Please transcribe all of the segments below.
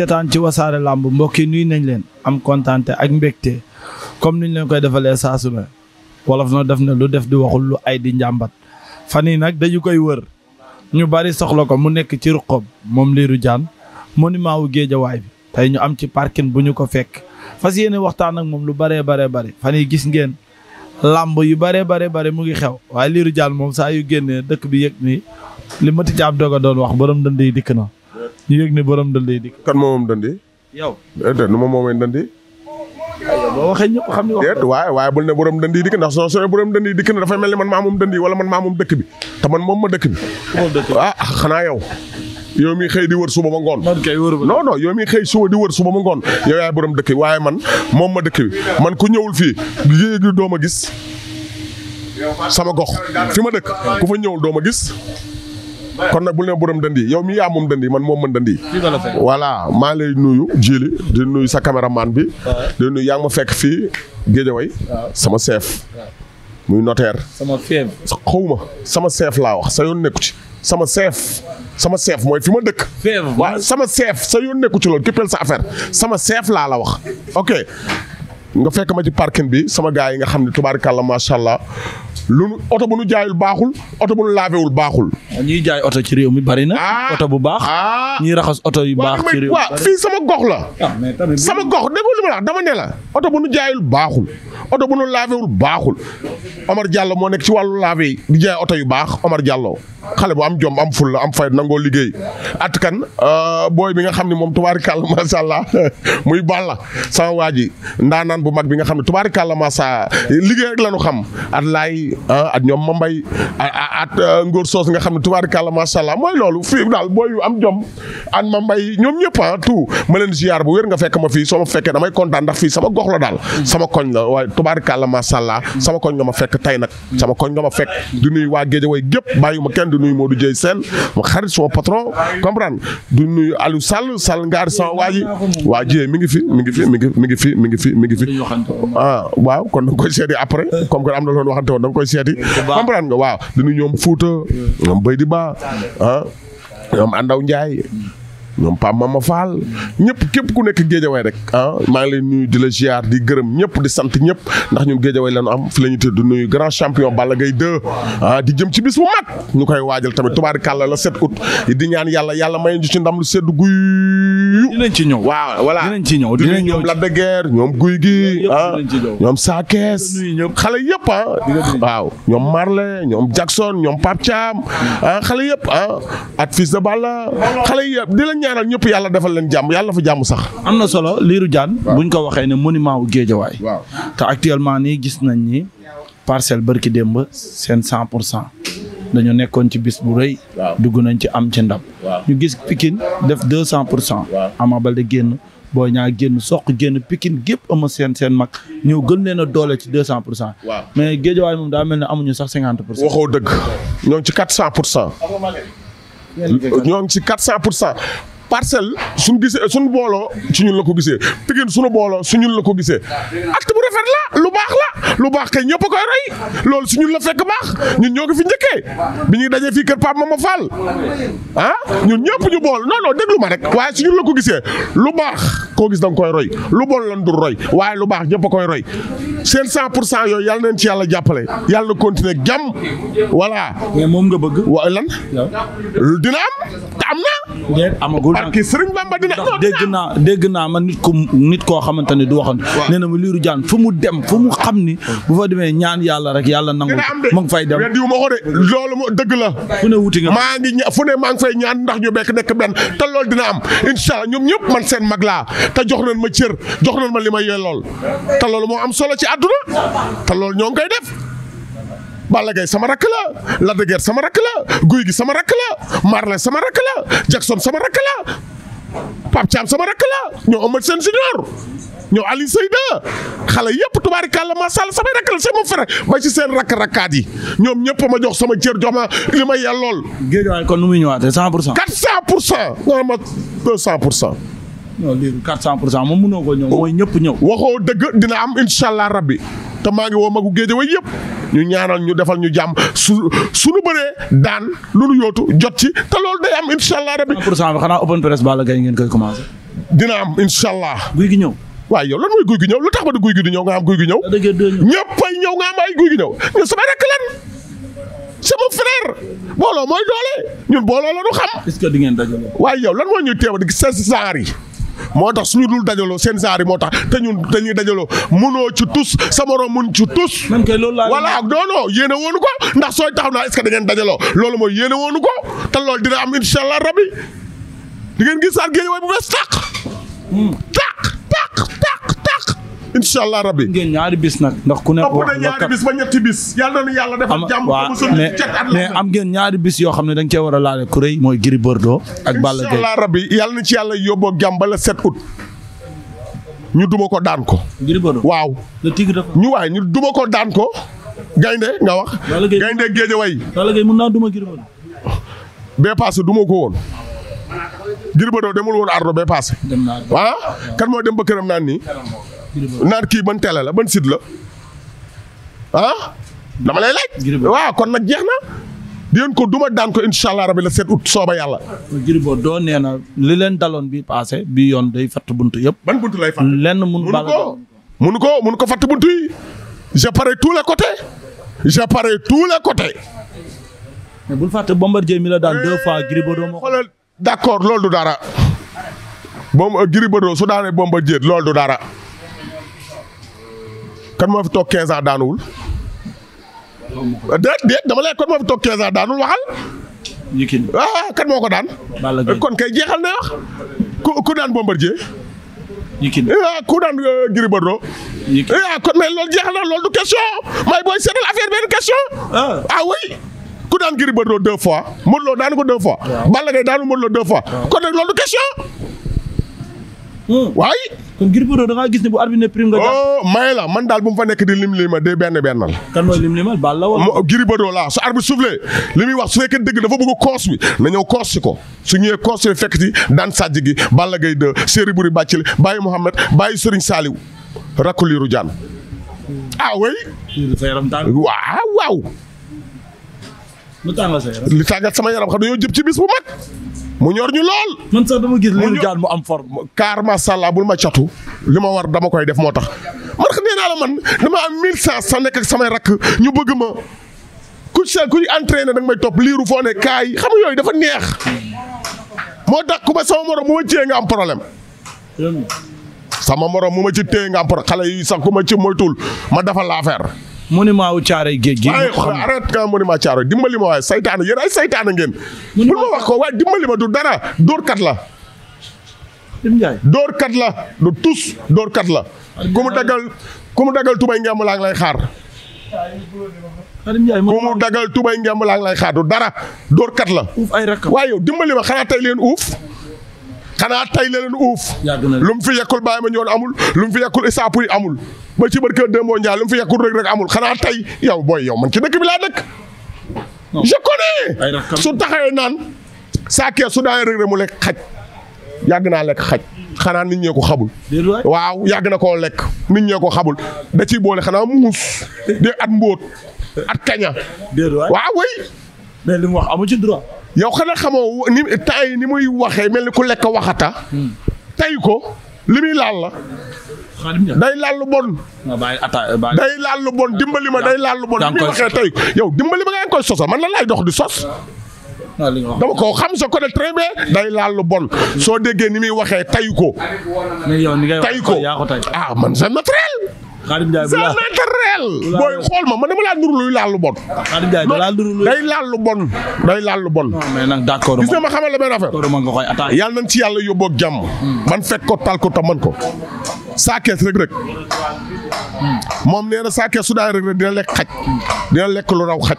seetaan ci wasaare làmb mbokk yi nuyu nañ leen am kontaante ak mbégte comme niñ leen koy defalee saasu su ne wolof na def ne lu def di waxul lu ay di njàmbat fan yii nag dañu koy wër ñu bari soxla ko mu nekk ci ruqob moom liiru jaan monument wu géejawaay bi tey ñu am ci parkin bu ñu ko fekk fas yéene waxtaan ak moom lu baree baree bari fan yi gis ngeen làmb yu baree bare bari mu ngi xew waaye liiru jaan moom saa yu génnee dëkk bi yëg ni li mati jaab doga doon wax borom dënd yi dikk na ñu yëg ne borom dëndee dikk. kan moom dëndee. yow déedéet nu ma moomee dëndee. boo waxee xam ne déet waaye waaye bul ne borom dënd yi dikk ndax soo soo borom dënd yi dikk na dafay mel ni man maa moom dënd yi wala man maa moom dëkk bi te man moom ma dëkk bi ah xanaa yow yow mi xëy di wër suba ma ngoon non non yow mi xëy suba di wër suba ma ngoon yow yaay borom dëkk bi waaye man moom ma dëkk bi man ku ñëwul fii doom a ma gis sama gox fi ma dëkk ku fa ñëwul doo ma gis kon nag bul ne borom dandi yow mi yaa moom dandi man moom mën dandi voilà maa lay nuyu jili di nuyu sa caméraman bi di nuyu yaa ngi ma fekk fii Géejawaay sama chef muy notaire sama fief xawma sama chef laa wax sa yoon ci sama chef sama chef mooy fi ma dëkk waaw sama chef sa yoon nekku ci loolu képpel sa affaire sama chef laa la wax ok nga fekk ma ci parking bi sama gars yi nga xam ne tubaarikàlla macha allah lu nu oto bu nu jaayul baaxul oto bu nu laavewul baaxul. Ah, ñuy jaay oto ci réew mi bari na. Ah, oto bu baax. Ah. ñuy raxas oto yu baax. ci réew mi fii sama gox la. sama gox déggoo li ma dama ne la oto bu nu jaayul baaxul. oto bu nu laavewul baaxul Omar Diallo moo nekk ci wàllu laave yi di jaay oto yu baax Omar jàlloo xale bu am jom am ful la am fay nangoo liggéey at kan euh, booy bi nga xam ne moom tubaarikàlla macha allah muy Balla sama waa ji ndaanaan bu mag bi nga xam ne tubaarikàlla macha liggéey rek la ñu xam at laay euh, at ñoom ma mbay at euh, ngóor soos nga xam ne tubaarikàlla macha allah mooy loolu fii daal booy yu am jom at ma mbay ñoom ñëpp ah tout ma leen ziar bu wér nga fekk ma fii soo ma fekkee damay kontaan ndax fii sama gox la daal mm. sama koñ la waaye tubaarkàlla macha allah sama koñ nga ma fekk tey nag sama koñ nga ma fekk du nuyu waa Géejawaay gépp bàyyi ma kenn du nuyu Modou Dieye seen ma xarit sama patron comprendre du nuyu Aliou Sall Sall ngaari sama waa waa Dieye mi ngi fi mi ngi fi mi ngi mi ngi fi mi ngi fi mi ngi fi ah waaw kon da nga koy seeti après comme que am na loolu waxante woon da nga koy seeti comprendre nga waaw du nuyu ñoom Fouta ñoom di Ba ah ñoom Andaw Ndiaye ñoom Pape Mama Fall ñëpp képp ku nekk géejawaay rek ah maa ngi lay nuyu di la ziar di gërëm ñëpp di sant ñëpp ndax ñun géejawaay lañu am fi la ñu tëdd nuyu grand champion Balla Gaye 2 ah, di jëm ci bis bu mag ñu koy waajal tamit tubaarikàlla la set août di ñaan yàlla yàlla may ñu ci ndam lu sedd guy. dinañ ci ñëw waaw voilà dinañ ci ñëw dinañ ñoom Lac de ñoom Guy gi ah ñoom Sakess xale yëpp ah waaw ñoom Marley ñoom Jackson ñoom Pape Thiam ah xale yëpp ah at fils de di lañ ñaanal ñëpp yàlla defal solo Lirou Diane. buñ ko waxee ne monument wu géejawaay. waaw te actuellement nii gis nañ ni parcelle barki démb seen 100 pour cent dañoo nekkoon ci bis bu rëy. dugg nañ ci am ci ndam. ñu gis Pikine def 200 pour cent. waaw Ama Baldé génn. boo ñaa génn soq génn pikin gépp ama seen seen mag ñëw gën leen a doole ci deux cent pour cent mais géejawaay moom daa mel ne amuñu sax cinquante pour cent waxoo dëgg ñoo ngi ci quatre cent pour cent ci pour cent parcelle suñu gisee suñu booloo su ñun la ko gisee Pikine suñu booloo su ñun la ko gisee rafet la lu baax la lu baax kay ñëpp a koy roy loolu su ñun la fekk baax ñun ñoo ko fi njëkkee bi ñuy dajee fii kër Pape Mama Fall ah ñun ñëpp ñu bool non non déglu ma rek waaye su ñun la ko gisee lu baax koo gis da koy roy lu bon lan dul roy waaye lu baax ñëpp koy roy seen cent pour cent yooyu yàlla nañ ci yàlla jàppale yàlla na continuer jàmm voilà. mais moom nga bëgg. wa lan dina am te am na. déet amagul Bamba dina. dégg naa ma naa man nit ko nit koo xamante ne du waxantu. mu dem fu mu xam ni bu fa demee ñaan yàlla rek yàlla nangu ma ngi fay dem weddiwu ma ko de loolu dëgg la fu ne wuti nga maa ngi fu ne maa ngi fay ñaan ndax ñu bekk nekk benn te lool dina am incha allah ñoom ñëpp man seen mag laa te jox nañ ma cër jox nañ ma li ma yee lool ta lool moo am solo ci àdduna te loolu ñoo ngi koy def Balla Gaye sama rakk la Lac de sama rakk la guy gi sama rakk la Marley sama rakk la Jackson sama rakk la Pape Thiam sama rakk la ñoo amal seen junior ñoo Aliou Seyda xale yëpp tubaarikàlla macha allah samay rakkal sama frère ba ci seen rakk rakkaat yi ñoom ñëpp ma jox sama cër jox ma li ma yellool. kon nu muy ñëwaatee 100 pour cent. 400 pour cent pour cent. non léegi 400 pour cent moom mënoo ko ñëw mooy ñëpp ñëw. waxoo dëgg dina am incha allah rabbi te maa ngi woo magu géejawaay yëpp. ñu ñaanal ñu defal ñu jàmm su suñu bëree daan lu nu yootu jot ci te loolu day am incha allah rabbi. 100 pour cent bi xanaa open press Balla Gaye ngeen koy commencé. dina am incha allah. guy gi ñëw. waaye yow lan mooy guy gi ñëw lu tax ba du guy gi du ñëw nga am guy gi ñëw. ñëw nga am ay guy gi ñëw booloo mooy doole ñun booloo la du xam. di ngeen dajaloo. waaye yow lan moo ñuy teew di seen genre yi moo tax suñu dul dajaloo seen genre moo tax te ñun dañuy dajaloo mënoo ci tus sa room mën ci tus. man kay loolu laa voilà non non yéene woonu ko ndax sooy taxaw naa est-ce que da ngeen dajaloo loolu mooy yéene woonu ko te loolu dina am incha allah rabbi di ngeen gisaat géej way bu tàq tàq incha allah rabbi ngeen ñaari bis nag ndax ku ne ëpp na ñaari bis ba ñetti bis yàlla na yàlla defal jàmm mais am ngeen ñaari bis yoo xam ne da nga war a laale ku mooy Gris Bordeaux ak Balla Gaye incha allah rabbi yàlla na ci yàlla yóbboo jàmm ba le 7 ñu duma ko daan ko Gris Bordeaux waaw ñu waay ñu duma ko daan ko gaynde nga wax gaynde géeje way Balla Gaye mën naa duma Gris Bordeaux bee paase duma ko woon Gris Bordeaux demul woon ardo ba passé. dem ah kan moo dem ba këram naan nii. naan kii ban télé la ban site la ah dama lay waaw kon nag jeex na. di leen ko duma daan ko incha allah rabi la sept août sooba yàlla. Gris Bordeaux nee li leen daloon bi passé bi yoon day fatt buntu yëpp. ban buntu lay fatt lenn mun. bala ko mun ko mun ko fatt buntu yi. j'ai paré tous les côtés. j'ai paré tous les côtés. mais bul fàtte Bombardier mi la daan deux fois Gris moo. d' accord loolu du dara boobu euh, Gris Bordeaux su daanee Bombardier lool du dara kan moo fi toog 15 ans daanuwul. déet déet dama lay kon moo fi toog 15 ans waxal. Yékini ah, ah, kan moo ko daan. kon kay jeexal na wax ku daan Bombardier. Eh, ah, ku daan euh, Gris Bordeaux. Yékini eh, ah jeexal na loolu du question may booy seetal affaire benn question. ah oui. ku daan Gris Bordeaux deux fois Modou Lo daan ko deux fois. Balla Gaye daanu Modou Lo deux fois. kon nag loolu question. Hmm. waaye. kon Gris Bordeaux da ngaa gis ne bu arbitre ne prime nga. oh may la man daal bu mu fa nekk di lim limal de benn benn la. kan mooy lim limal Balla la wala. Gris Bordeaux la su li muy wax su fekkee dëgg dafa bëgg koos bi na ñëw koos si ko su ñëwee koos fekk ci daan Sadji gi Balla Gaye de Serigne Boury Bacile Baye Mouhamed Baye Serigne Saliou Rakuliru Diane. Hmm. ah oui. waaw waaw. lu tàngal li tàngal sama yaram xam dañoo jëm ci bis bu mag. mu ñor ñu lool. man sax dama gis léegi jaan mu am forme. kaar macha allah bul ma catu li ma war dama koy def moo tax man xam nee naa la am mille cent sa nekk ak samay rakk ñu bëgg ma ku ci ku ñu entraîné may topp liiru foo ne kaay xam nga dafa neex moo tax ku ma sama morom mu ma cee nga am problème. sama morom mu ma ci téye nga am problème xale yi sax ku ma ci moytul ma defal l'affaire. monument wu caaray géej gi. waaye arrête nga monument caaray dimbali ma waaye saytaane yéen ay saytaane ngeen. bul ma wax ko waaye dimbali ma du dara dóorkat la. dóorkat la du tus dóorkat la. ku mu dagal ku mu dagal tubay ngemb laa ngi lay xaar. Ah, ku mu dagal tubay ngemb laa ngi lay xaar du dara dóorkat la. waaye yow dimbali ma xanaa tey leen uuf. xanaa tey leen uuf. lu mu fi yekkul bàyyi ma ñoon amul lu mu fi yekkul isaapu amul. ba ci barke Demba Ndiaye lu mu fi yekkul rek amul xanaa tey yow booy yow man ci dëkk bi laa dëkk. je su taxawee naan saa kee su daanee rek rek mu lekk xaj. yàgg naa lekk xaj xanaa nit ñee ko xabul. waaw yàgg na koo lekk nit ñee ko xabul da ciy boole xanaa muus de at mbóot at kaña. waaw way mais li mu wax amu ci yow xanaa xamoo ni temps yi ni muy waxee mel ni ku lekk waxata. Hmm. tey ko li muy laal la. day laal lu bon. Euh, day laal lu bon dimbali ma day laal lu bon. bi waxee tey yow dimbali ma nga koy sosa man la laay dox di sos. dama ko xam sa ko ne très bien day laal bon soo déggee ni muy waxee tay ko. tay ko ah man c'est naturel. Xaadim Njaay bu laa réel booy xool ma man dama laa nuru luy laal lu bon. laa nuru luy day laal lu bon gis nga ma xamal la benn affaire. d'accord ma nga ci yàlla yóbboo ak jàmm. Hmm. man fekk ko tal ko tam ko. saa kees rek rek. Hmm. moom nee na saa kees su daay rek rek dina lekk xaj. Hmm. dina lekk lu raw xaj.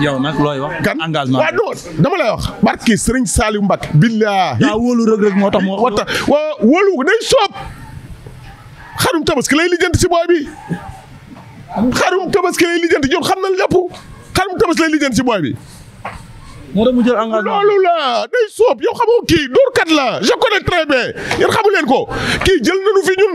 yow nag looy wax. kan engagement waaw non dama lay wax. barki Serigne Saliou Mbacke. billaahi. daa wóolu day soob. xarum tabaski lay lijjanti si booy bi xarum tabaski lay lijjanti ñun xam nañ lépp xarum tabaski lay lijjanti si booy bi. moo mu jël loolu la day soob yow xamoo kii dóorkat la je ne très bien xamu leen ko kii jël nañu fi ñun.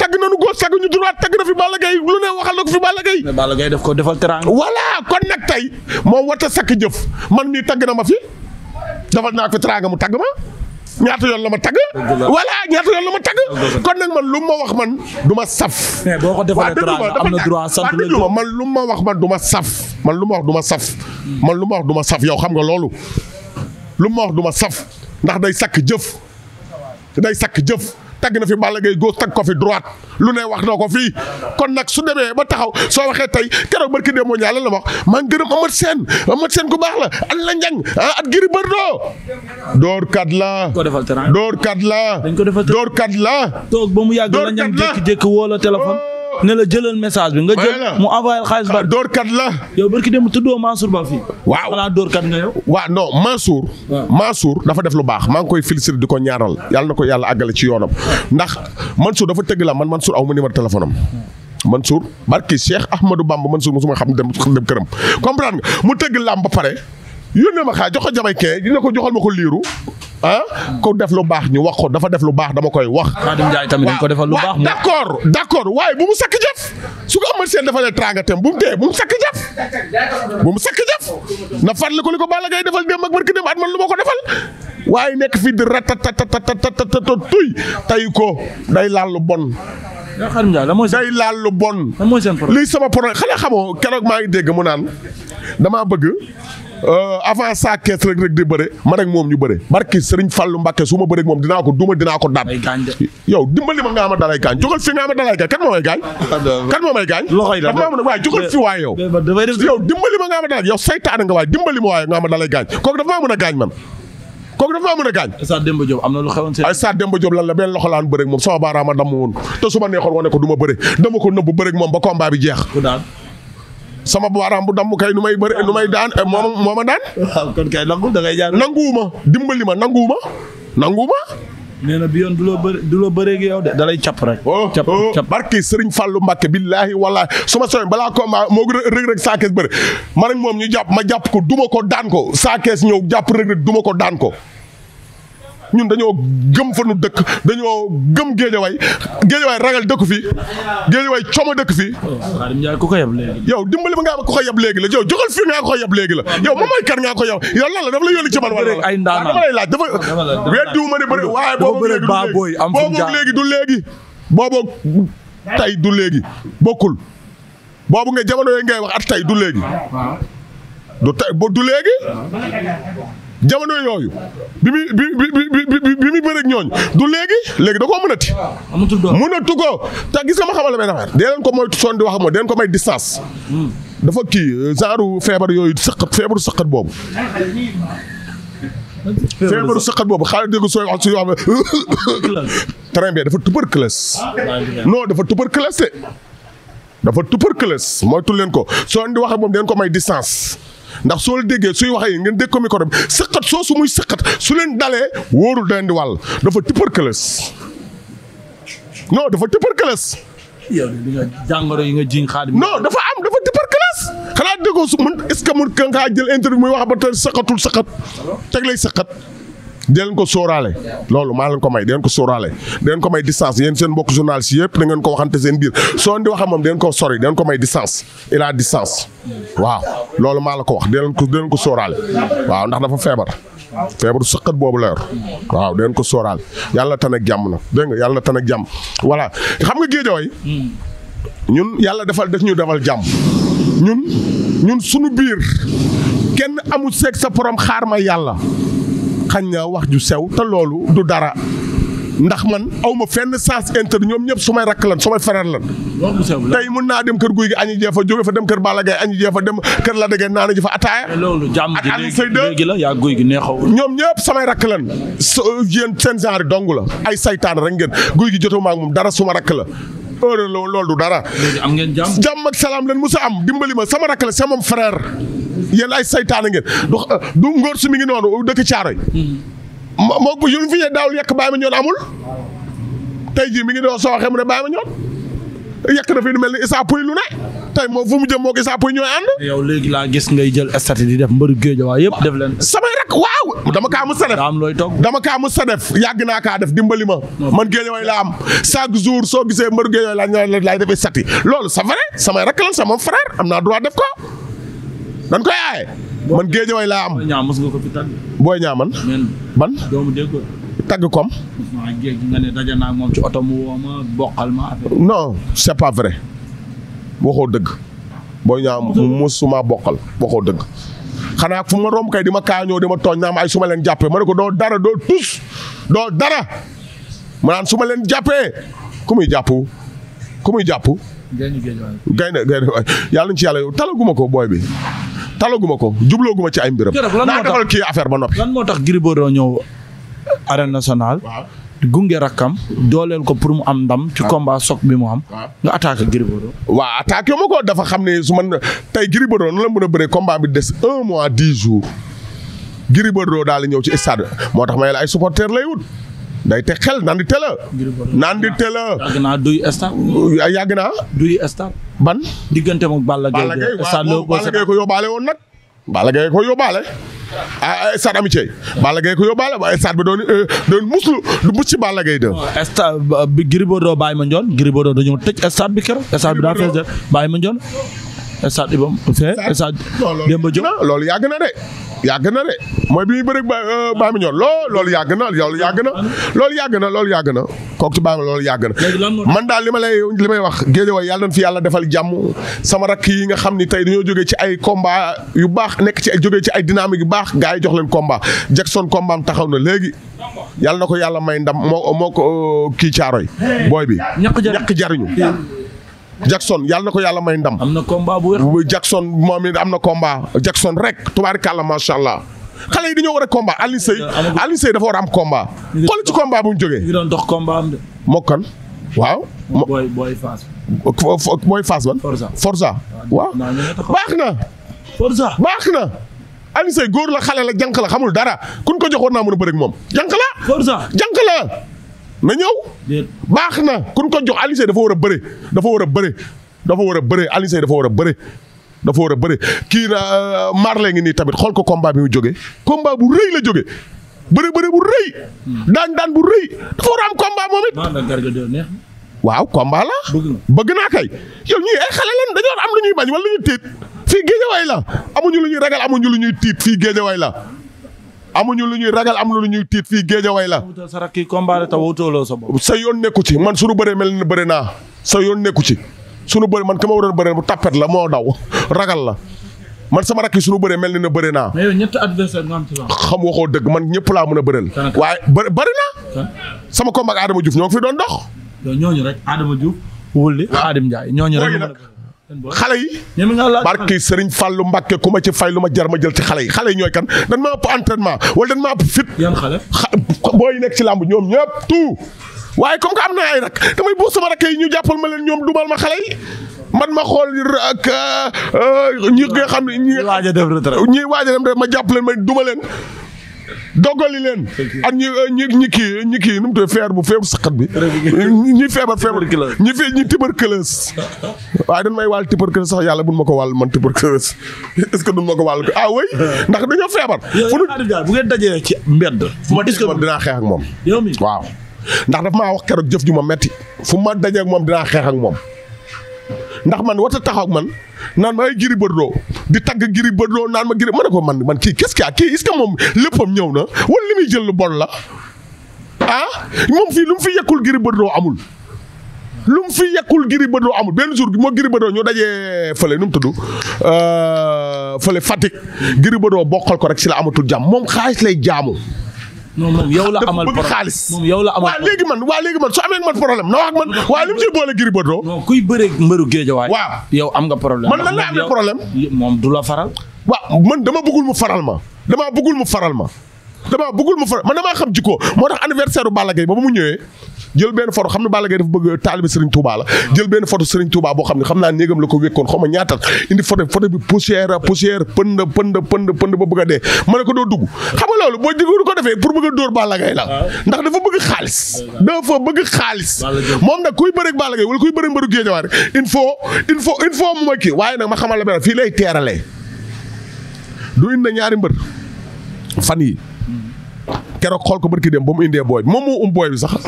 tagg nañu góor tagg ñu droit tagg na fi Balla Gaye lu ne waxal na ko fi Balla Gaye. mais Balla Gaye ko defal teraanga. voilà kon nag tey moom war sakk jëf man mii tagg na ma fi defal naa ko teraanga mu tagg ma. ñaata yoon la ma tagg voilà ñaata yoon la ma tag kon nag man lu ma wax man du ma saf waaw déglu ma dafa déglu ma man lu ma wax man du ma saf man lu ma wax du ma saf man lu ma wax du saf yow xam nga loolu lu ma wax du ma saf ndax day sakk jëf day sakk jëf tagg na fi Balla Gaye góos tagg ko fi droite lu ne wax na ko fii kon nag su demee ba taxaw soo waxee tey keroog barki démb ñaa lan la wax maa ngi gërëm seen Sène Amath seen ku baax la an la njang ah at giri bër doo door kat la door kat la door kat la toog ba mu yàgg la njang jékki-jékki woo la téléphone ne la jëlal message bi nga jël mu envoyé xaalis ba ah, door kat la yow barki dem tuddoo Mansour Ba fii waaw xanaa door kat nga yow waaw non Mansour Mansour dafa def lu baax maa ngi koy féliciter di ko ñaaral yàlla na ko yàlla àggale ci yoonam ndax Mansour dafa tëgg la man Mansour aw ma numéro téléphone am Mansour barki Cheikh Ahmadou Bamba Mansour ma xam dem dem këram comprendre nga mu tëgg làmb ba pare yónnee ma xaar jox ko jamaïcain dina ko joxal ma ko liiru ah ku def lu baax ñu wax ko dafa def lu baax dama koy wax. Khadim Ndiaye tamit dañ ko defal lu baax. d' accord d' accord waaye bu mu sakk jëf su ko amal seen defalee tranga tem bu mu tee bu mu sakk jëf bu mu sakk jëf na fàttali ko li ko Balla Gaye defal démb ak barki démb at man lu ma ko defal. waaye nekk fii di ratatatatata tuy tay ko day laal lu bon. day laal lu bon. lii sama problème xanaa xamoo keroog maa ngi dégg mu naan damaa bëgg. Euh, avant saa kees rek di bëre man ak moom ñu bëre barki Sëriñ Fallu Mbàkke su ma moom dinaa ko duma dinaa ko daan yow dimbali ma nga ama dalay gaañ jógal fi nga ama waaye waay yow yow dimbali ma nga dalay gaañ kooku dafa maa mën a gaañ man kooku dafa maa mën a gaañ am na lu xewoon ay Stade Demba Diop lan la benn loxo laan moom sama baaraama damm woon te su ma neexoon wane ko du ma dama ko nëbb bëre moom ba combat bi jeex sama baaraam bu damm kay nu may bëri nu may daan eh, moom moo ma daan. waaw kon kay nangu da ngay jaar nanguwuma dimbali ma nangu nanguwuma. nee na bi yoon du loo bëri du loo bëree yow de dalay lay cap rek. cap oh, cap oh. barke Serigne Fallou Mbacke billaahi wallaahi su ma soobee balaa ko moo rëg rëg saa kees bëri moom ñu jàpp ma jàpp ko duma ko daan ko saakees kees ñëw jàpp rëg duma ko daan ko. ñun dañoo gëm fa dëkk dañoo gëm géejawaay géejawaay ragal dëkk fi géejawaay coomo dëkk fi. yow dimbali ba ngaa ko koy yab léegi la yow joxal fii ngaa ko koy yab léegi la yow moom mooy kan ngaa ko yab yow lan la dafa la yónni ci man wala ay ndaanaan ah, dama lay laaj dafa weddiwu ma ne bëri waaye boobu léegi du léegi boobu tey du léegi bokkul boobu nga jamono yooyu ngay wax at tey du léegi du tey du léegi jamono yooyu bi mu bi bi bi bi muy bëreeg ñooñ du léegi léegi da koo mënati. mënatu ko te gis nga ma xamal la benn affaire. dee leen ko mooy son di wax mooy dee leen ko may distance. Hmm. dafa kii euh, genre feebar yooyu sëqat feebaru sëqat boobu. feebaru sëqat boobu xaaral dégg sooy wax suy wax très bien dafa tuberculose. non dafa tuberculose de. dafa tuberculose moytu leen ko son di wax moom deen ko may distance. ndax soo la déggee suy waxee ngeen dégg ko micro bi sëqat soo su muy sëqat su leen dalee wóorul da di wàll dafa tuberculose non dafa tuberculose. yow de nga jàngoro yi nga jiñ Xaadim. non dafa am dafa tuberculose. xanaa déggoo su man est ce que mun nga jël interview muy wax ba tey sëqatul sëqat teg lay sëqat. di leen ko sóoraale loolu maa leen ko may di leen ko sóoraale di leen ko may distance yéen seen mbokk journaliste yëpp da ngeen ko waxante seen biir soo di waxam moom di leen ko sori di leen ko may distance il a distance waaw loolu maa la ko wax di leen ko di ko sóoraale waaw ndax dafa feebar feebaru sëqat boobu la waaw di leen ko sóoraale yàlla tan jàmm na dégg nga yàlla tan ak jàmm voilà xam nga géejooy ñun yàlla defal def ñu defal jàmm ñun ñun sunu biir kenn amul seeg sa borom xaar ma yàlla xañ na wax ju sew te loolu du dara ndax man awma fenn sens interne ñoom ñëpp su may rakk lan su may frère lan tey mën naa dem kër guy gi añu jee fa jóge fa dem kër Balla Gaye añu jee fa dem kër la dëggee naa na ji fa ataaya loolu jàmm ji léegi la yaa guy gi neexaw ñoom ñëpp samay rakk lan yéen seen genre dong la ay saytaan rek ngeen guy gi jotuma moom dara suma rakk la heure lool du dara am ngeen jàmm jàmm ak salaam leen musa am dimbali ma sama rakk la sama frère yéen ay saytaane ngeen du du ngóor su mi ngi noonu dëkk Caaroy. moo ko yëngu fi ñu daawul yekk bàyyi ma ñoon amul. tey jii mi ngi doon soo mu ne bàyyi ma ñoon yekk na fi lu mel ni Issa Pouye lu ne tey moo fu mu jëm moo ko Issa Pouye ñooy ànd. yow laa gis ngay jël statut di def mbëru géej waaye yëpp def leen. samay rek waaw dama kaa mës a def looy toog dama kaa mës a def yàgg naa kaa def dimbali ma. man géej waay la am chaque jour soo gisee mbëru géej waay laa ñu lay defee statut loolu c'est vrai samay rek lan sama frère am naa droit def ko. nan koy aaye. man géejewaay laa am. booy ñaam ko fi tàgg. booy ñaam man. ban doomu dégg tagg kom. nga ne moom ci oto mu woo ma bokkal ma non c'est pas vrai waxoo dëgg. booy ñaam musuma bokkal waxoo dëgg. xanaa fu ma romb kay di ma kaañoo di ma tooñ naa ma ay su leen jàppee ma ne ko doo dara doo tus doo dara ma naan su ma leen jàppee ku muy jàpp ku muy jàpp. gaynde gaynde waay yàlla ci yàlla yow talaguma ko booy bi. talaguma ko jublooguma ci ay mbiram. naa defal kii affaire ba noppi. lan moo tax Gris Bordeaux ñëw arène nationale. gunge rakkam dooleel ko pour mu am ndam. ci combat soog bi mu am. nga attaqué Gris waa attaque attaqué ma ko dafa xam ne su man tey Gris Bordeaux nu la mën a bëree combat bi des un mois dix jour Gris Bordeaux daal di ñëw ci stade moo tax may la ay supporteurs lay wut. day te xel naan di teel a. naan di a. naa duy stade. yàgg naa. duy stade. ban. diggante mu Balla Gaye. Balla Gaye waaw Balla Gaye ko yóbbaale woon nag. Balla Gaye ko yóbbaale. Ah, ah stade amitié. Balla Gaye ko yóbbaale waaye stade bi doon euh, doon muslu du mus ci Balla Gaye de. stade bi Gris Bordeaux Baye Mandione Gris Bordeaux dañoo tëj stade bi keroog. stade bi daa fees de Baye Mandione. stade bi ba mu fee. stade démb loolu yàgg na de. yàgg na de mooy bi muy bëreeg ba euh, Baye Mandione loo loolu yàgg na loolu yàgg na loolu yàgg na loolu yàgg na kooku ci Baye Mandione loolu yàgg na man daal li ma lay li wax Guédiawaye yàlla nañ fi yàlla defal jàmm sama rakk yi nga xam ni tey dañoo jógee ci ay combat yu baax nekk ci ay jóge ci ay dynamique yu baax gars yi jox leen combat Jackson combat am taxaw na léegi yàlla ko yàlla may ndam moo moo ko kii caaroy booy bi Jackson yàlla na ko yàlla may ndam. am na combat bu wér. Jackson moom it am na combat Jackson rek tubaarikàlla macha allah. xale yi dañoo war a combat Aliou dafa war am combat. xool ci bu mu jógee. ñu doon dox combat am de. mokkan waaw. booy booy Forza baax na. Forza baax na. Aliou Seye góor la xale la jànq la xamul dara kun ko jox war naa mën a bëri moom jànq la. Forza jànq na ñëw. baax na kun ko jox Alioune Seye dafa war a bëre dafa war a bëre dafa war a bëre Alioune Seye dafa war a bëre. dafa war a bëre kii na euh, Marley ngi nii tamit xool ko combat bi mu jógee combat bu rëy la jógee bëre bëre bu rëy. daan daan bu rëy dafa war a am combat moom waaw waaw la. bëgg naa kay yow ñii ay xale lan dañoo am lu ñuy bañ wala lu ñuy tiit fii géejawaay la amuñu lu ñuy ragal amuñu lu ñuy tiit fii géejawaay la. amuñu lu ñuy ragal am lu ñuy tiit fii géejawaay la. sa rakki combat ta wutuloo sa sa yoon nekku ci man suñu bëree mel ni bëri naa sa yoon nekku ci sunu bëri man ki ma waroon bëree bu tapet la moo daw ragal la. man sama rakk yi suñu bëree mel ni ne bëri naa. mais yow ñetti adversaire nga am xam waxoo dëgg man ñëpp laa mën a bëreel. waaye bëri bëri sama combat ak Adama Diouf ñoo fi doon dox. ñooñu rek Adama Diouf. wulli ah. Adim Ndiaye xale yi barki Serigne Fallou Mbacke ku ma ci fay lu ma jar ma jël ci xale yi xale yi ñooy kan dañ ma ëpp entraînement wala dañ ma ëpp fit booy nekk ci làmb ñoom ñëpp tout waaye comme que am na ay rak damay buur sama rakk yi ñu jàppal ma leen ñoom dumal ma xale yi man ma xool ak euh, euh, ñi nga xam ne ñi waaj a dem ma jàpp leen ma duma leen dogali leen ak ñi euh, ñi ñi kii ñi kii nu mu tudd feer bu feebu saqat bi ñi feebar feebar ñi fee ñi tuberculose waaye dañ may wàll tuberculose sox yàlla bu buñ ma ko wàll man tuberculose est-ce que duñ ma ko wàll ah oui ndax dañoo feebar bu ngeen dajee ci mbedd dinaa xeex ak moom waaw ndax daf maa wax keroog jëf ju ma metti fu ma dajee moom dinaa xeex moom ndax man a taxaw man naan ma ay Gris Bordeaux di tagg Gris Bordeaux naan ma Gris ma ne ko man man kii qu'est-ce qu'il kii est moom léppam ñëw na wala li muy jël lu bon la ah moom fii lu mu fi yekkul Gris Bordeaux amul. lum fi yekkul Gris Bordeaux amul benn jour moo Gris Bordeaux ñoo dajee fële nu mu tudd euh, fële Fatick Gris Bordeaux bokkal ko rek si la amatul jàmm moom xaalis lay jaamu. non moom yow la amal problème xaalis moom yow la amal léegi man waa léegi man su amee man problème na wax ak man waaw li mu ciy boole Gris Bordeaux non kuy bëree mbëru géejawaay waaw yow am nga problème man lan la amee problème moom du la faral waaw man dama bëggul mu faral ma dama bëggul mu faral ma damaa bëggul ma for man damaa xam jikko moo tax anniversaire bu Balla Gaye ba mu ñëwee jël benn photo xam ne Balla Gaye dafa bëgg taalibe Serigne Touba la jël benn photo Serigne Touba boo xam ne xam naa néegam la ko wékkoon xaw ma ñaata indi photo photo bi poussière poussière pënd pënd pënd pënd ba bëgg dee ma ne ko doo dugg xam nga loolu a moom nag kuy bëreeg Balla Gaye wala kuy bëreeg mbëru Guédiawaye il il faut il faut mu ma kii waaye nag ma xamal la benn fii lay teeralee du indi ñaari mbër fan yi keroog xool ko ki dem ba mu indee booy bi moom moo um booy bi sax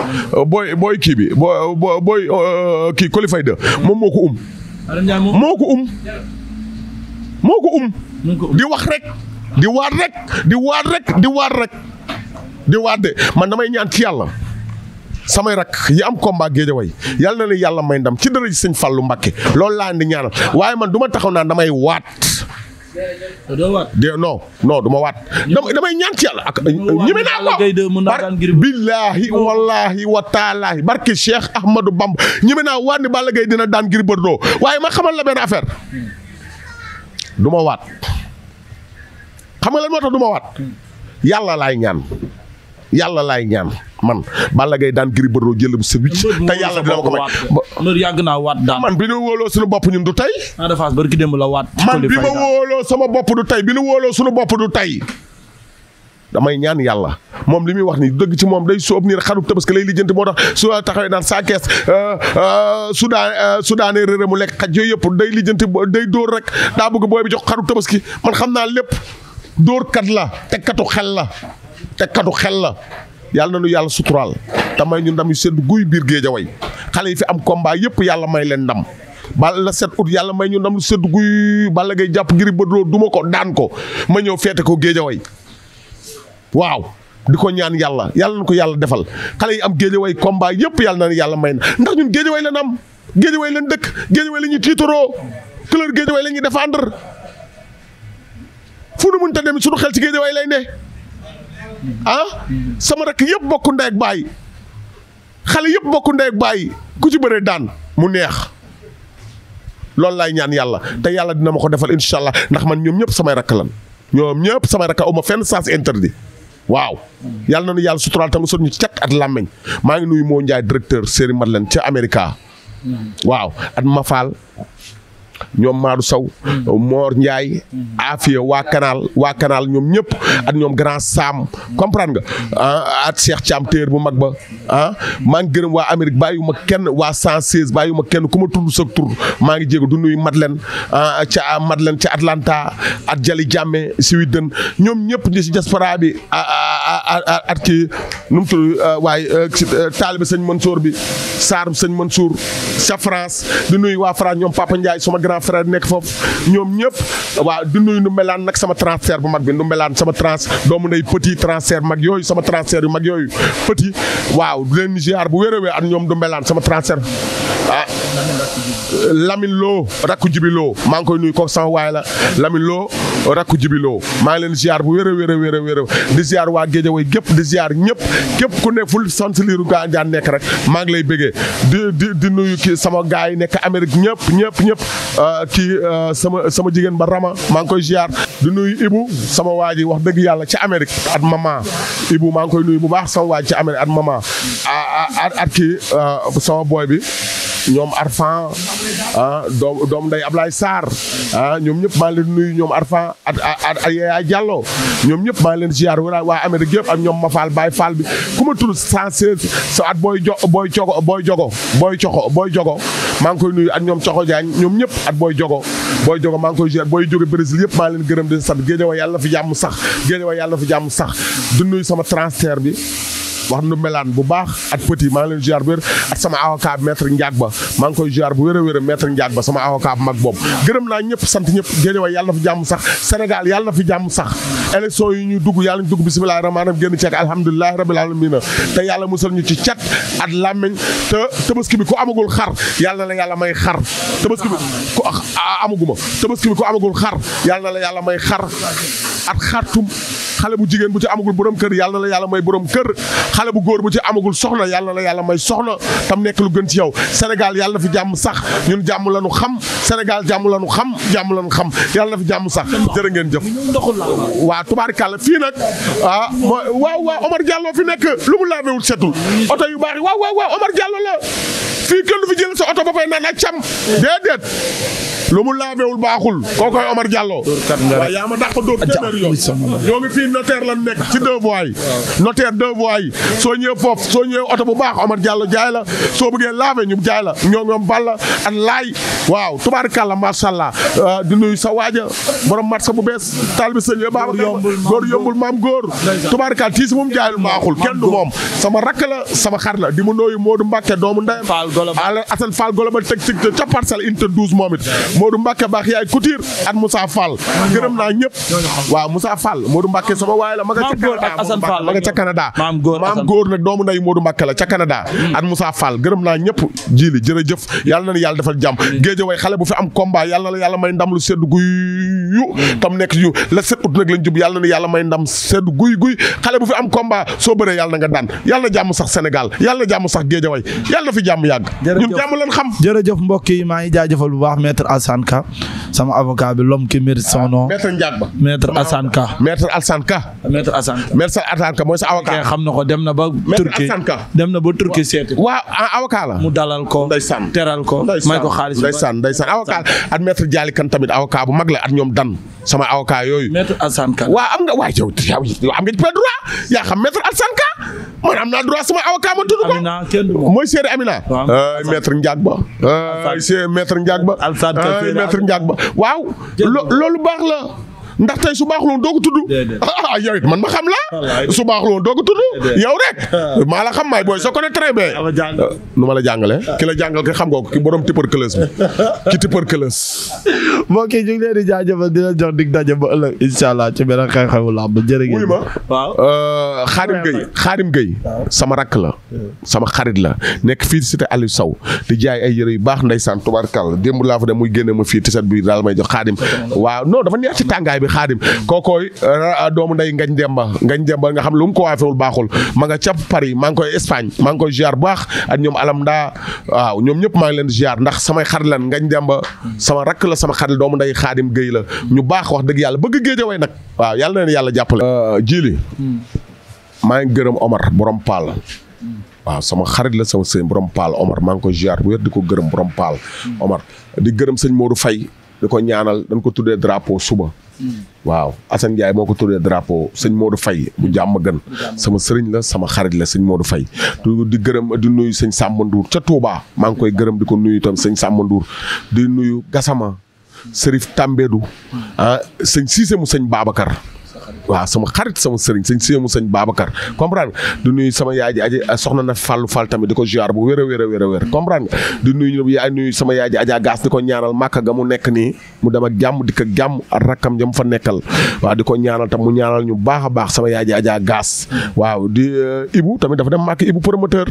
booy booy kii bi booy booy euh, kii qualifié de um. moom moo ko um. moo um. ko um. di wax rek. di waat rek di waat rek di waat di waat de man damay ñaan ci yàlla. samay rak yi am combat géejaway yàlla na leen yàlla may ndam ci dara ji sëñ Fallou Mbacké loolu laa indi ñaanal waaye man du taxaw naa damay waat. de non non waat damay ñaan ci yàlla ak ñeme naa ko billaahi wallaahi wa taalaahi barke Cheikh Ahmadou Bamba ñeme naa waat ni dina daan Gris Bordeaux waaye ma xamal la benn affaire du ma waat xam nga lan moo tax du ma waat hmm. yàlla laay ñaan yàlla laay ñaan man Balla Gaye daan Gris Bordeaux jël sa wicc te yàlla dina ma ko may mbër yàgg naa waat daan man bi ñu wóoloo suñu bopp ñun du tey man bi ma wóoloo sama bopp du tey bi ñu wóoloo suñu bopp du tey damay ñaan yàlla moom li muy wax ni dëgg ci moom day soob nii rek xaru tabaski lay lijjanti moo tax su taxawee naan saa kees euh, euh, su daa euh, su daanee réeré mu lekk xaj yooyu yëpp day lijjanti day dóor rek daa bëgg booy bi jox xaru tabaski man xam naa lépp dóor kat la te katu xel la te kadu xel la yàlla na nu yàlla suturaal te may ñu ndam yu sedd guy biir géejaway xale yi fi am combat yëpp yàlla may leen ndam. bal la set ut yàlla may ñu ndam lu sedd guy bala ngay jàpp ngir bëddoo duma ko daan ko ma ñëw feete ko géejaway waaw. di ko ñaan yàlla yàlla na ko yàlla defal xale yi am géejaway combat yëpp yàlla na yàlla may na ndax ñun géejaway lañ am géejaway lañ dëkk géejaway la ñuy tiitaroo couleur géejaway la ñuy défendre fu nu mënta dem suñu xel ci géejaway lay ne. ah sama rakk yëpp bokku ndey ak baay xale yëpp bokku ndey ak ku ci bëree daan mu neex lool laay ñaan yàlla te yàlla dina ma ko defal incha allah ndax man ñoom ñëpp samay rakk lan ñoom ñëpp samay rakk aw ma fenn sens interdi waaw yàlla na nu yàlla suturaal te mu sot ñu cat at làmmeñ maa ngi nuyu moo njaay directeur série Madeleine ca America mm-hmm. waaw at Mafal ñoom Maadou Sow Mor Ndiaye Afia waa Canal waa Canal ñoom ñëpp ak ñoom grand Sam comprendre nga ah, ak Cheikh Thiam téer bu mag ba ah, maa ngi gërëm waa Amérique bàyyi ma kenn waa 116 bàyyi ma kenn ku ma tudd sa tur maa ngi jéego du nuyu Madeleine ah, ca Madeleine ca Atlanta ak Jali jàmme si wi ñoom ñëpp ñi si diaspora bi at kii nu mu waaye euh, euh, taalibe sëñ Mansour bi Sarr sëñ Mansour ca France du nuyu waa France ñoom Papa Ndiaye sama grand frère nekk foofu ñoom ñëpp waaw di nuyu nu melaan nag sama transfert bu mag bi nu melaan sama trans doomu nday petit transfert mag yooyu sama transfert yu mag yooyu petit waaw du leen ziar bu wér a ak ñoom du sama transfert ah Lo rakku maa ngi koy nuyu kooku sama waay maa ngi leen ziar bu wér wér a wér a di ziar waa Géejawaay gépp di ziar ñëpp képp ku ne ful sant liiru gaa njaan nekk rek maa ngi lay béggee di nuyu kii sama gars yi nekk Amérique ñëpp ñëpp ñëpp Euh, kii euh, sama sama jigéen ba ma maa ngi koy ziar di nuyu Ibu sama waa ji wax dëgg yàlla ci Amérique at mama Ibu maa ngi koy nuyu bu baax sama waa ji ci Amérique at mama ah, ah, at kii euh, sama boy bi. ñoom Arfan ah doom doom day Ablaye Sarr ah ñoom ñëpp maa leen nuyu ñoom Arfan ak ak ay Diallo ñoom ñëpp maa leen ziar waa Amérique yëpp ak ñoom Mafal Baye Fall bi ku ma tudd 116 sa at booy jo booy cogo booy jogo booy coxo booy jogo maa ngi koy nuyu ak ñoom coxo Diagne ñoom ñëpp at booy jogo booy jogo maa ngi koy ziar booy jóge Brésil yëpp maa leen gërëm di sant Guédiawaye yàlla fi jàmm sax Guédiawaye yàlla na fi jàmm sax di nuyu sama transfert bi wax nu melaan bu baax at petit maa ngi leen ziar bu wér ak sama avocat maître Ndiak ba maa ngi koy ziar bu wér a wér a maître Ndiak ba sama avocat mag boobu gërëm naa ñëpp sant ñëpp Géejawaay yàlla na fi jàmm sax Sénégal yàlla na fi jàmm sax élection yi ñu dugg yàlla ñu dugg bisimilahi rahmaani rahim génn ceeg alhamdulilahi rabil alamina te yàlla musal ñu ci cat at làmmeñ te tabaski bi ku amagul xar yàlla na la yàlla may xar tabaski bi ku amaguma tabaski bi ku amagul xar yàlla na la yàlla may xar at xattum xale bu jigéen bu ci amagul borom kër yàlla na la yàlla may borom kër xale bu góor bu ci amagul soxna yàlla la yàlla may soxna tam nekk lu gën ci yow Sénégal yàlla na fi jàmm sax ñun jàmm la xam senegal jàmm la xam jàmm la ñu xam yàlla na fi jàmm sax jërë ngeen jëf. waaw tubaarikàlla fii nag ah waaw waaw Omar Diallo fi nekk lu mu laabee wul setul oto yu baax yi waaw waaw waaw Omar la fii kenn du fi jël oto ba fay naan ak cam déedéet. lu mu laabewul baaxul kookoy Omar Diallo waaw yaa ma dàq dóor téeméer yoon ñoo ngi fii notaire lan nekk ci deux voies yi notaire deux soo ñëwee foofu soo ñëwee oto bu baax Omar Diallo jaay la soo bëggee laabe ñu jaay la ñoo ñoom balla ak laay waaw tubaarkàlla masàllaa euh, di nuyu sa waaja borom marché bu bees taalibi sëñ yo baaba góor yombul maam góor tubaarkàlla tii si moom jaayul baaxul kenn du moom sama rakk la sama xar la di mu nooyu Modou Mbacke doomu ndeyam Assane Fall Golobal teg ci ca parcelle unité Modou Mbacke baax yaay Couture ak Moussa Fall gërëm naa ñëpp waaw Moussa Fall Modou Mbacke sama la ma nga ca Canada ma nga ca Canada maam góor nag doomu nday Modou Mbacke la na Canada hmm. ak Moussa Fall gërëm naa ñëpp ji jërëjëf yàlla na ni yàlla defal jàmm hmm. Guédiawaye xale bu fi am combat yàlla na la yàlla may ndam lu sedd guyu hmm. tam la set ut nag lañ jub yàlla na yàlla may ndam sedd guy guy xale bu fi am soo bëree yàlla na nga daan yàlla na jàmm sax Sénégal yàlla na jàmm sax Guédiawaye yàlla na fi jàmm yàgg ñun jàmm lañ xam jërëjëf mbokk maa ngi jaajëfal bu baax maître Assane Ka sama avocat bi l'homme qui mérite son nom. Ah, maître Ndiak ba maître Assane Ka. maître Assane Ka. maître Assane Ka. maître Assane mooy sa avocat. na ko dem na ba. Turquie dem na ba Turquie seeti. waaw ah, ko. ndeysaan teral ko. may ko xaalis bi ndeysaan ndeysaan avocat at maître Dialy Kane bu mag la at ñoom dan sama yooyu. maître Assane Ka. waaw am nga waay yow am nga ci droit yaa xam maître Assane Ka man ma tudd ko. Amina kenn du ma mooy maître Ndiack ba waaw loolu baax la ndax tey su baaxul woon doo ko tudd. Ah, ah yow man ma xam la. su baaxul woon yow rek ah. maa la xam maay booy soo ko ne très bien. Ah, nu ma la jàngalee. ki la jàngal ki xam nga ko ki boroom tuberculose bi ki tuberculose. mbokk yi ñu ngi leen di jaajëfal di leen jox dig daje ba ëllëg incha allah ci beneen xew-xewu làmb jërë ngeen. ma waaw. Xaarim euh, Gueye Xaarim Gueye. sama rakk la. sama xarit la nekk fii cité ali saw di jaay ay yëre yu baax ndeysaan tubarkal démb laa fa dem muy génne ma fii tiset bi daal may jox Xaarim waaw non dafa neex ci tàngaay bi xaadim kookooy doomu nday ngañ demba ngañ demba nga xam lu mu ko waafewul baaxul ma nga ca Paris maa ngi koy Espagne maa ngi koy ziar baax ak ñoom alam ndaa waaw ñoom ñëpp maa ngi leen ziar ndax samay xarit lan ngañ demba sama rakk la sama xarit doomu nday xaadim géy la ñu baax wax dëgg yàlla bëgg géej nag waaw yàlla yàlla jàppale euh, jili hmm. maa ngi gërëm Omar borom Paal sama xarit la sama sëñ borom Paal Omar maa ngi ko ziar bu wér di ko gërëm borom Paal hmm. Omar di gërëm sëñ Modou Faye di ko ñaanal dañ ko tuddee drapeau suba Mm. waaw Assane Ndiaye moo ko toddee drapeau sëñ Modou fay bu jàmm gën sama sëriñ la sama xarit la sëñ moo Modou fay di gërëm di nuyu sëñ Samba ca Touba maa ngi koy gërëm di ko nuyu itam sëñ Samba di nuyu Gassama Serif Tambédou mm. ah sëñ Cissé mu sëñ Babacar waaw sama xarit sama sëriñ sëñ séemu sëñ Babacar comprendre nga du nuyu sama yaaj ji aji ah, soxna na fàllu fàll tamit di ko ziar bu wér a wér a wér a wér comprendre nga du sama yaaj ji ajaa ko ñaanal màkk ga mu nekk nii mu dem ak jàmm di ko jàmm ak rakkam jam fa nekkal waaw di ko ñaanal tam mu ñaanal ñu baax a baax sama yaay ajaa gaas waaw di eh, Ibu tamit dafa dem màkk Ibu promoteur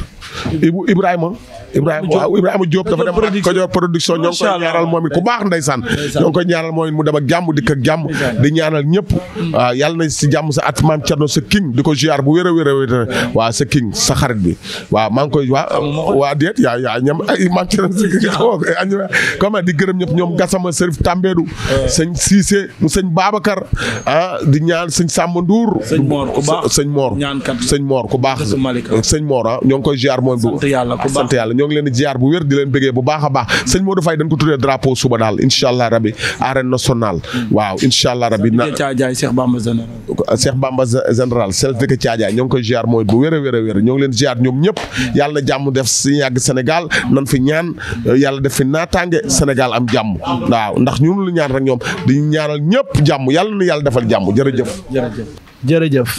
Ibu Ibrahima Ibrahima waaw Ibrahima Diop dafa dem màkk Kajoor production ñoo ngi koy ñaanal moom it ku baax ndeysaan ñoo ngi koy ñaanal moom it mu dem ak jàmm di ko jàmm di ñaanal ñëpp mm. waaw yàlla soxna si jàmm sa at maam Thierno sa king di ko ziar bu wér a wér a wér waaw sa king sa xarit bi waaw maa ngi koy waa waa déet yaa yaa ñam ay maam Thierno sa king comme di gërëm ñëpp ñoom Gassama Serif Tambédou eh. sëñ Cissé mu sëñ Babacar ah di ñaan sëñ Samba Ndour sëñ Mor ku baax sëñ Mor sëñ Mor ku baax sëñ Mor ah ñoo ngi koy ziar mooy bu sant yàlla ñoo ngi leen di ziar bu wér di leen bëggee bu baax a baax sëñ Modou Faye dañ ko tuddee drapeau suba daal incha allah rabi arène nationale hmm. waaw incha allah rabi na Cheikh Bamba général sel dëkk Thiadiaye ñoo koy ziar mooy bu wér a wér a wér ñoo ngi leen ziar ñoom ñëpp yàlla na jàmm def si yàgg Sénégal nan fi ñaan yàlla def fi naataange Sénégal am jàmm waaw ndax ñun lu ñaan rek ñoom di ñaanal ñëpp jàmm yàlla na yàlla defal jàmm jërëjëf jërëjëf